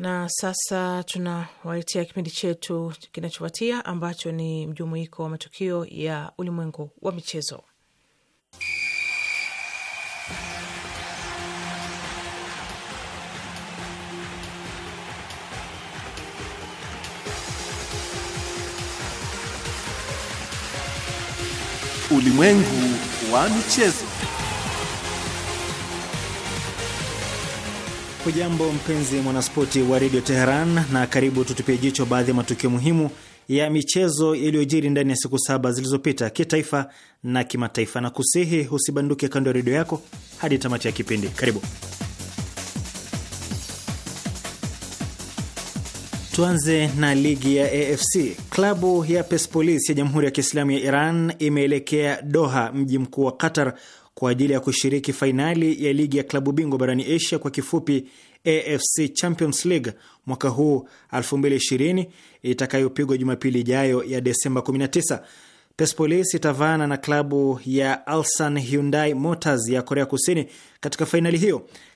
Na sasa tunawaletea kipindi chetu kinachofuatia ambacho ni mjumuiko wa matukio ya ulimwengu wa michezo. Ulimwengu wa michezo. Hujambo mpenzi mwanaspoti wa redio Teheran na karibu, tutupie jicho baadhi ya matukio muhimu ya michezo yaliyojiri ndani ya siku saba zilizopita kitaifa na kimataifa, na kusihi usibanduke kando ya redio yako hadi tamati ya kipindi. Karibu. Tuanze na ligi ya AFC. Klabu ya Persepolis ya Jamhuri ya Kiislamu ya Iran imeelekea Doha, mji mkuu wa Qatar, kwa ajili ya kushiriki fainali ya ligi ya klabu bingwa barani Asia kwa kifupi AFC Champions League mwaka huu 2020 itakayopigwa Jumapili ijayo ya Desemba 19. Persepolis itavaana na klabu ya Ulsan Hyundai Motors ya Korea Kusini katika fainali hiyo.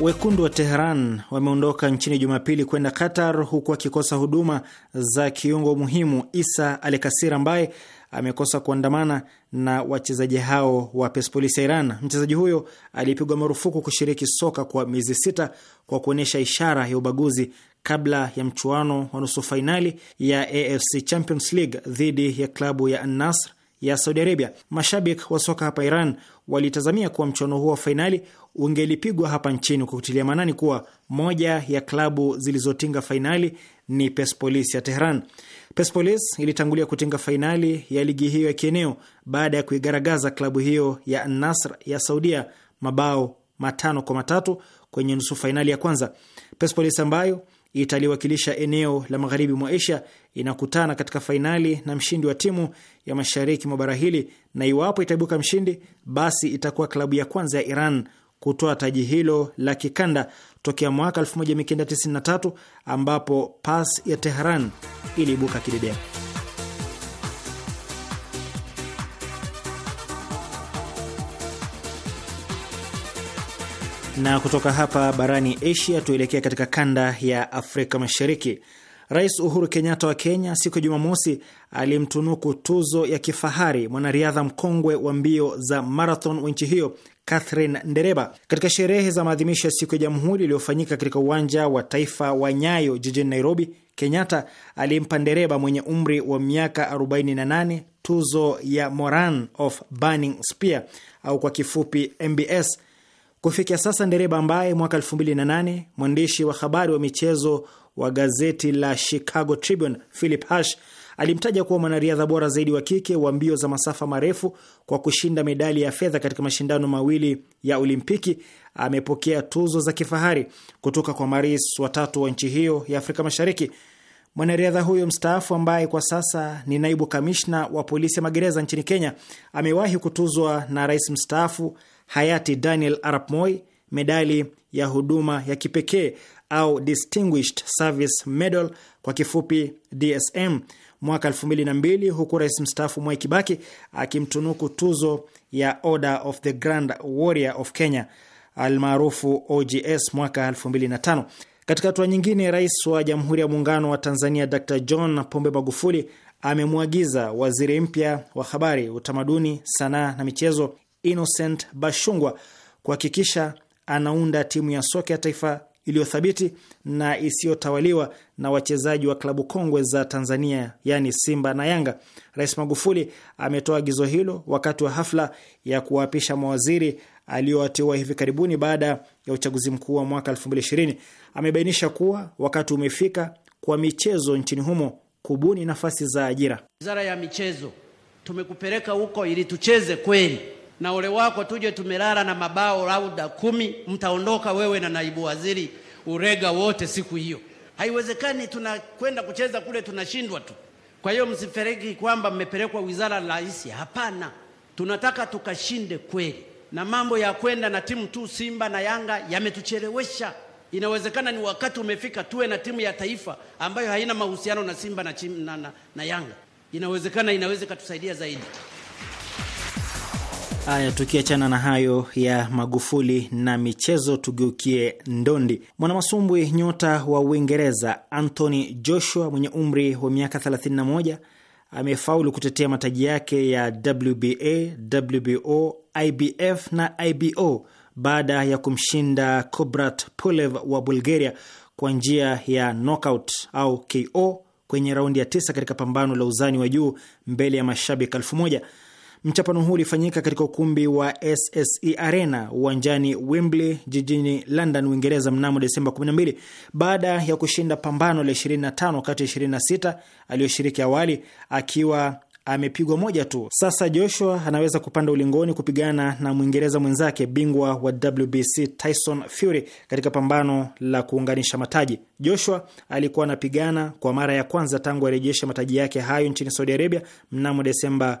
Wekundu wa Teheran wameondoka nchini Jumapili kwenda Qatar, huku akikosa huduma za kiungo muhimu Isa Al Kasir ambaye amekosa kuandamana na wachezaji hao wa Persepolis ya Iran. Mchezaji huyo alipigwa marufuku kushiriki soka kwa miezi sita kwa kuonyesha ishara ya ubaguzi kabla ya mchuano wa nusu fainali ya AFC Champions League dhidi ya klabu ya Al-Nassr ya Saudi Arabia. Mashabik wa soka hapa Iran walitazamia kuwa mchuano huo wa fainali ungelipigwa hapa nchini, kwa kutilia maanani kuwa moja ya klabu zilizotinga fainali ni Persepolis ya Tehran. Persepolis ilitangulia kutinga fainali ya ligi hiyo ya kieneo baada ya kuigaragaza klabu hiyo ya Nasr ya Saudia mabao matano kwa matatu kwenye nusu fainali ya kwanza. Persepolis ambayo italiwakilisha eneo la magharibi mwa Asia inakutana katika fainali na mshindi wa timu ya mashariki mwa bara hili, na iwapo itaibuka mshindi, basi itakuwa klabu ya kwanza ya Iran kutoa taji hilo la kikanda tokea mwaka 1993 ambapo Pas ya teheran iliibuka kidedea. Na kutoka hapa barani Asia tuelekea katika kanda ya Afrika Mashariki Rais Uhuru Kenyatta wa Kenya siku ya Jumamosi alimtunuku tuzo ya kifahari mwanariadha mkongwe wa mbio za marathon wa nchi hiyo Catherine Ndereba katika sherehe za maadhimisho ya siku ya Jamhuri iliyofanyika katika uwanja wa taifa wa Nyayo jijini Nairobi. Kenyatta alimpa Ndereba mwenye umri wa miaka 48 tuzo ya Moran of Burning Spear au kwa kifupi MBS. Kufikia sasa Ndereba ambaye mwaka 2008 mwandishi wa habari wa michezo wa gazeti la Chicago Tribune Philip Hash alimtaja kuwa mwanariadha bora zaidi wa kike wa mbio za masafa marefu kwa kushinda medali ya fedha katika mashindano mawili ya Olimpiki. Amepokea tuzo za kifahari kutoka kwa marais watatu wa nchi hiyo ya Afrika Mashariki. Mwanariadha huyo mstaafu ambaye kwa sasa ni naibu kamishna wa polisi ya magereza nchini Kenya amewahi kutuzwa na rais mstaafu hayati Daniel Arap Moi medali ya huduma ya kipekee au Distinguished Service Medal kwa kifupi DSM mwaka 2002 huku rais mstaafu Mwai Kibaki akimtunuku tuzo ya Order of the Grand Warrior of Kenya almaarufu OGS mwaka 2005. Katika hatua nyingine, rais wa Jamhuri ya Muungano wa Tanzania Dr. John Pombe Magufuli amemwagiza waziri mpya wa habari, utamaduni, sanaa na michezo Innocent Bashungwa kuhakikisha anaunda timu ya soka ya taifa iliyothabiti na isiyotawaliwa na wachezaji wa klabu kongwe za Tanzania, yani Simba na Yanga. Rais Magufuli ametoa agizo hilo wakati wa hafla ya kuwaapisha mawaziri aliyowateua hivi karibuni baada ya uchaguzi mkuu wa mwaka 2020. Amebainisha kuwa wakati umefika kwa michezo nchini humo kubuni nafasi za ajira. Wizara ya michezo tumekupeleka huko ili tucheze kweli na ole wako tuje tumelala na mabao lauda kumi, mtaondoka wewe na naibu waziri urega wote siku hiyo. Haiwezekani, tunakwenda kucheza kule tunashindwa tu. Kwa hiyo msifereki kwamba mmepelekwa wizara la rais, hapana. Tunataka tukashinde kweli, na mambo ya kwenda na timu tu Simba na Yanga yametuchelewesha. Inawezekana ni wakati umefika tuwe na timu ya taifa ambayo haina mahusiano na Simba na, na, na, na Yanga. Inawezekana inaweza ikatusaidia zaidi. Haya, tukiachana na hayo ya Magufuli na michezo, tugeukie ndondi. Mwanamasumbwi nyota wa Uingereza Anthony Joshua mwenye umri wa miaka 31 amefaulu kutetea mataji yake ya WBA, WBO, IBF na IBO baada ya kumshinda Kubrat Pulev wa Bulgaria kwa njia ya knockout au KO kwenye raundi ya tisa katika pambano la uzani wa juu mbele ya mashabiki elfu moja. Mchapano huu ulifanyika katika ukumbi wa SSE Arena uwanjani Wembley jijini London, Uingereza mnamo Desemba 12 baada ya kushinda pambano la 25 kati ya 26 aliyoshiriki awali akiwa amepigwa moja tu. Sasa Joshua anaweza kupanda ulingoni kupigana na Mwingereza mwenzake bingwa wa WBC Tyson Fury katika pambano la kuunganisha mataji. Joshua alikuwa anapigana kwa mara ya kwanza tangu arejeshe mataji yake hayo nchini Saudi Arabia mnamo Desemba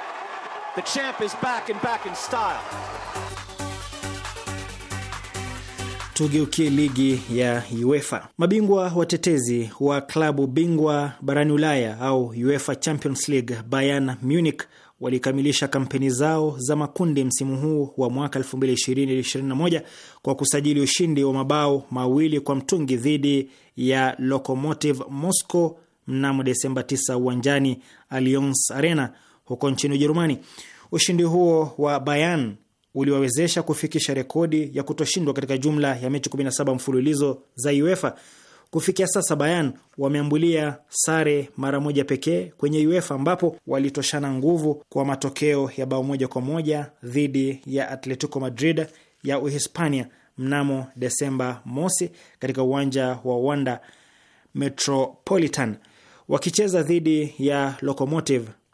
The champ is back and back in style. Tugeukie ligi ya UEFA. Mabingwa watetezi wa klabu bingwa barani Ulaya au UEFA Champions League, Bayern Munich walikamilisha kampeni zao za makundi msimu huu wa mwaka 2020-2021 kwa kusajili ushindi wa mabao mawili kwa mtungi dhidi ya Lokomotiv Moscow mnamo Desemba 9 uwanjani Allianz Arena huko nchini Ujerumani. Ushindi huo wa Bayern uliwawezesha kufikisha rekodi ya kutoshindwa katika jumla ya mechi 17 mfululizo za UEFA. Kufikia sasa Bayern wameambulia sare mara moja pekee kwenye UEFA ambapo walitoshana nguvu kwa matokeo ya bao moja kwa moja dhidi ya Atletico Madrid ya Uhispania mnamo Desemba mosi katika uwanja wa Wanda Metropolitan. Wakicheza dhidi ya Lokomotive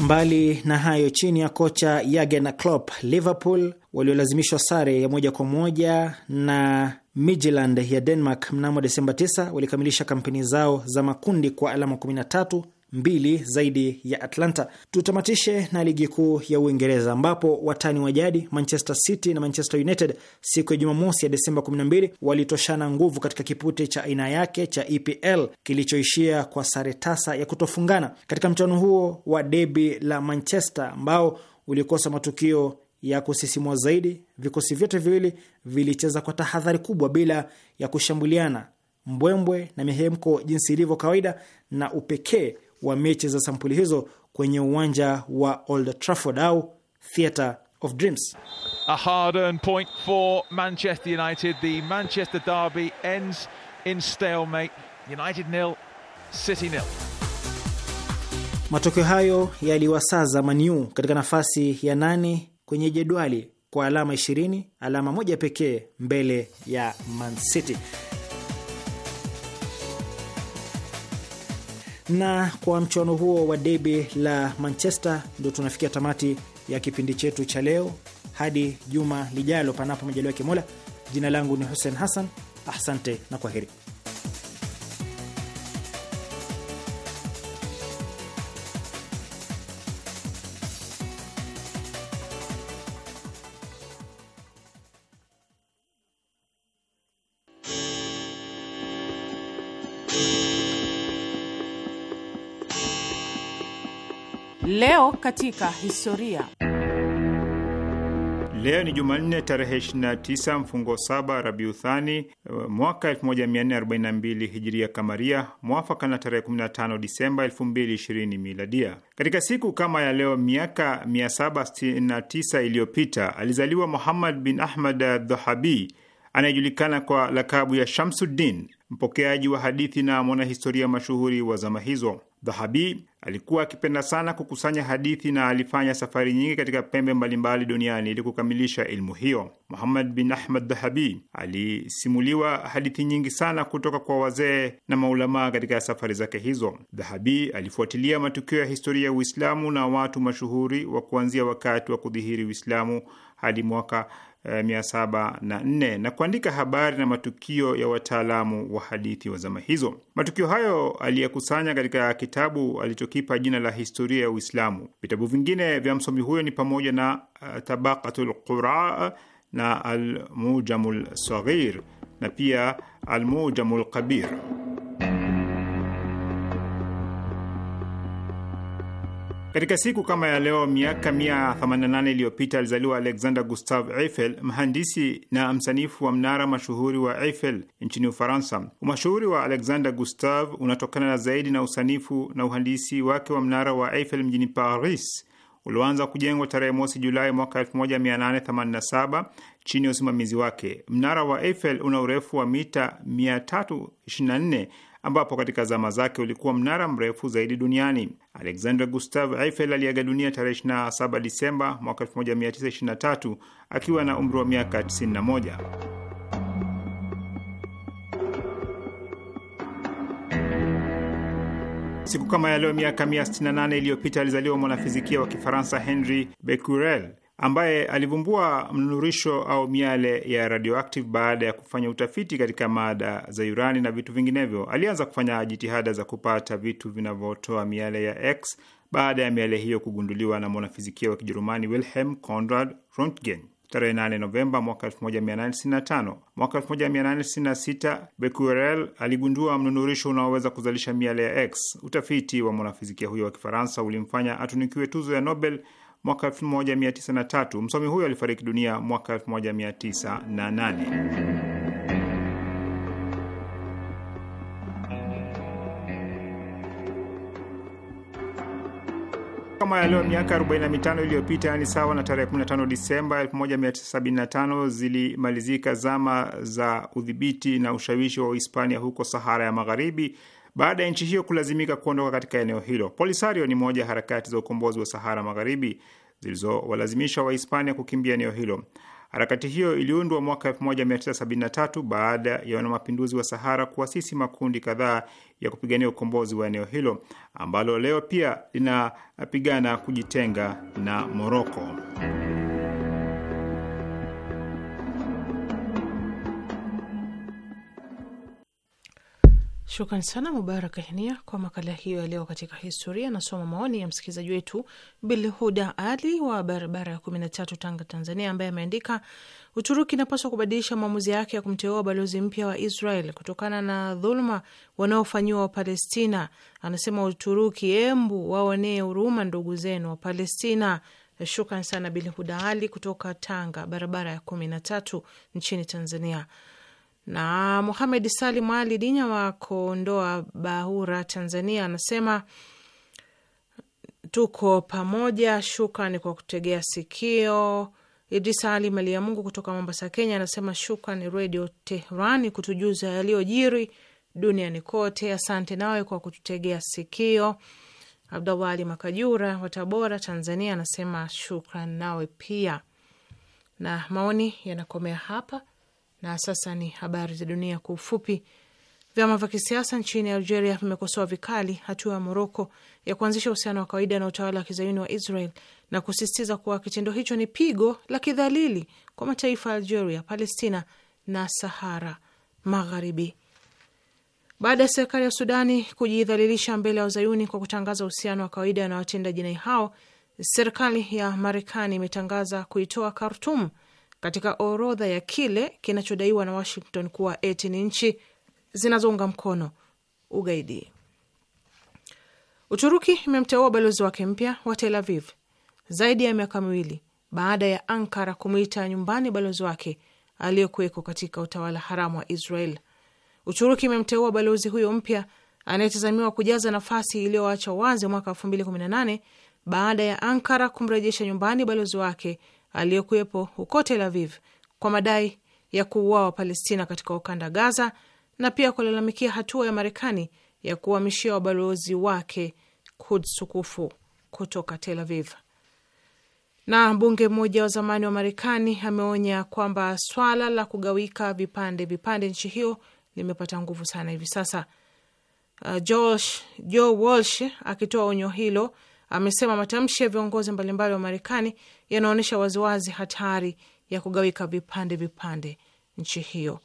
Mbali na hayo, chini ya kocha Jurgen Klopp, Liverpool waliolazimishwa sare ya moja kwa moja na Midtjylland ya Denmark mnamo Desemba 9 walikamilisha kampeni zao za makundi kwa alama 13 mbili zaidi ya Atlanta. Tutamatishe na ligi kuu ya Uingereza ambapo watani wa jadi Manchester City na Manchester United siku ya Jumamosi ya Desemba 12 walitoshana nguvu katika kipute cha aina yake cha EPL kilichoishia kwa sare tasa ya kutofungana. Katika mchuano huo wa debi la Manchester ambao ulikosa matukio ya kusisimua zaidi, vikosi vyote viwili vilicheza kwa tahadhari kubwa bila ya kushambuliana, mbwembwe na mihemko jinsi ilivyo kawaida na upekee wa mechi za sampuli hizo kwenye uwanja wa Old Trafford au Theatre of Dreams. A hard earned point for Manchester United. The Manchester derby ends in stalemate. United nil, City nil. Matokeo hayo yaliwasaza Maniu katika nafasi ya nane kwenye jedwali kwa alama 20, alama moja pekee mbele ya Man City. Na kwa mchuano huo wa debi la Manchester ndio tunafikia tamati ya kipindi chetu cha leo. Hadi juma lijalo, panapo majaliwa ya kimola Jina langu ni Hussein Hassan, asante na kwaheri. Leo katika historia. Leo ni Jumanne tarehe 29 mfungo saba Rabiuthani eh, mwaka 1442 hijiria kamaria, mwafaka na tarehe 15 Disemba 2020 miladia. Katika siku kama ya leo miaka 769 iliyopita alizaliwa Muhammad bin Ahmad Dhahabi anayejulikana kwa lakabu ya Shamsuddin, mpokeaji wa hadithi na mwanahistoria mashuhuri wa zama hizo. Dhahabi Alikuwa akipenda sana kukusanya hadithi na alifanya safari nyingi katika pembe mbalimbali duniani ili kukamilisha elimu hiyo. Muhammad bin Ahmad Dhahabi alisimuliwa hadithi nyingi sana kutoka kwa wazee na maulamaa katika safari zake hizo. Dhahabi alifuatilia matukio ya historia ya Uislamu na watu mashuhuri wa kuanzia wakati wa kudhihiri Uislamu hadi mwaka Eh, mia na na kuandika habari na matukio ya wataalamu wa hadithi wa zama hizo. Matukio hayo aliyekusanya katika kitabu alichokipa jina la Historia ya Uislamu. Vitabu vingine vya msomi huyo ni pamoja na eh, tabaqatu lqura na Almujamu lsaghir na pia almujamu Kabir. Katika siku kama ya leo miaka 188 iliyopita alizaliwa Alexander Gustave Eiffel, mhandisi na msanifu wa mnara mashuhuri wa Eiffel nchini Ufaransa. Umashuhuri wa Alexander Gustave unatokana na zaidi na usanifu na uhandisi wake wa mnara wa Eiffel mjini Paris ulioanza kujengwa tarehe mosi Julai mwaka 1887 chini ya usimamizi wake. Mnara wa Eiffel una urefu wa mita 324 ambapo katika zama zake ulikuwa mnara mrefu zaidi duniani. Alexander Gustav Eiffel aliaga dunia tarehe 27 Disemba mwaka 1923 akiwa na umri wa miaka 91. Siku kama ya leo miaka 168 iliyopita alizaliwa mwanafizikia wa Kifaransa Henri Becquerel ambaye alivumbua mnunurisho au miale ya radioactive baada ya kufanya utafiti katika mada za urani na vitu vinginevyo. Alianza kufanya jitihada za kupata vitu vinavyotoa miale ya X baada ya miale hiyo kugunduliwa na mwanafizikia wa Kijerumani Wilhelm Conrad Rontgen tarehe 8 Novemba mwaka 1895. Mwaka 1896 Becquerel aligundua mnunurisho unaoweza kuzalisha miale ya X. Utafiti wa mwanafizikia huyo wa Kifaransa ulimfanya atunikiwe tuzo ya Nobel mwaka 1903. Msomi huyo alifariki dunia mwaka 1908. Kama ya leo miaka 45 iliyopita, yani sawa na tarehe 15 Disemba 1975 zilimalizika zama za udhibiti na ushawishi wa Uhispania huko Sahara ya Magharibi baada ya nchi hiyo kulazimika kuondoka katika eneo hilo. Polisario ni moja ya harakati za ukombozi wa Sahara Magharibi zilizowalazimisha Wahispania kukimbia eneo hilo. Harakati hiyo iliundwa mwaka 1973 baada ya wanamapinduzi wa Sahara kuasisi makundi kadhaa ya kupigania ukombozi wa eneo hilo ambalo leo pia linapigana kujitenga na Moroko. Shukran sana Mubarak Henia kwa makala hiyo ya leo katika historia. Nasoma maoni ya msikilizaji wetu Bilhuda Ali wa barabara ya kumi na tatu, Tanga, Tanzania, ambaye ameandika Uturuki inapaswa kubadilisha maamuzi yake ya kumteua balozi mpya wa Israel kutokana na dhuluma wanaofanyiwa Wapalestina. Anasema Uturuki, embu waonee huruma ndugu zenu wa Palestina. Shukran sana Bilhuda Ali kutoka Tanga, barabara ya kumi na tatu, nchini Tanzania. Na Muhamed Salim Ali Dinya wa Kondoa Bahura, Tanzania, anasema tuko pamoja, shukrani kwa kutegea sikio. Idrisa Ali Mali ya Mungu kutoka Mombasa, Kenya, anasema shukrani Redio tehrani kutujuza yaliyojiri duniani kote. Asante nawe kwa kututegea sikio. Abdallah Ali Makajura wa Tabora, Tanzania, anasema shukran nawe pia. Na maoni yanakomea hapa. Na sasa ni habari za dunia kwa ufupi. Vyama vya kisiasa nchini Algeria vimekosoa vikali hatua ya Moroko ya kuanzisha uhusiano wa kawaida na utawala wa kizayuni wa Israel na kusisitiza kuwa kitendo hicho ni pigo la kidhalili kwa mataifa ya Algeria, Palestina na Sahara Magharibi. Baada ya serikali ya Sudani kujidhalilisha mbele ya wazayuni kwa kutangaza uhusiano wa kawaida na watenda jinai hao, serikali ya Marekani imetangaza kuitoa Khartum katika orodha ya kile kinachodaiwa na Washington kuwa eti ni nchi zinazounga mkono ugaidi. Uturuki imemteua balozi wake mpya wa Tel Aviv zaidi ya miaka miwili baada ya Ankara kumwita nyumbani balozi wake aliyekuweko katika utawala haramu wa Israel. Uturuki imemteua balozi huyo mpya anayetazamiwa kujaza nafasi iliyoachwa wazi mwaka 2018 baada ya Ankara kumrejesha nyumbani balozi wake aliyekuwepo huko Tel Aviv kwa madai ya kuuawa Palestina katika ukanda Gaza na pia kulalamikia hatua ya Marekani ya kuhamishia wabalozi wake Kuds kutoka Tel Aviv. Na mbunge mmoja wa zamani wa Marekani ameonya kwamba swala la kugawika vipande vipande nchi hiyo limepata nguvu sana hivi sasa. Uh, Joe Walsh akitoa onyo hilo amesema matamshi ya viongozi mbalimbali wa Marekani yanaonyesha waziwazi hatari ya kugawika vipande vipande nchi hiyo.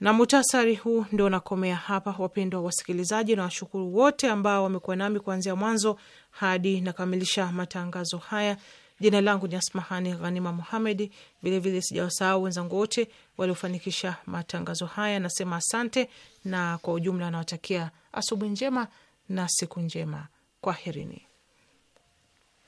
Na muhtasari huu ndio unakomea hapa, wapendwa wasikilizaji, na washukuru wote ambao wamekuwa nami kuanzia mwanzo hadi nakamilisha matangazo haya. Jina langu ni Asmahani Ghanima Muhamedi. Vilevile sijawasahau wenzangu wote waliofanikisha matangazo haya. Nasema asante, na kwa ujumla nawatakia asubuhi njema na siku njema. Kwaherini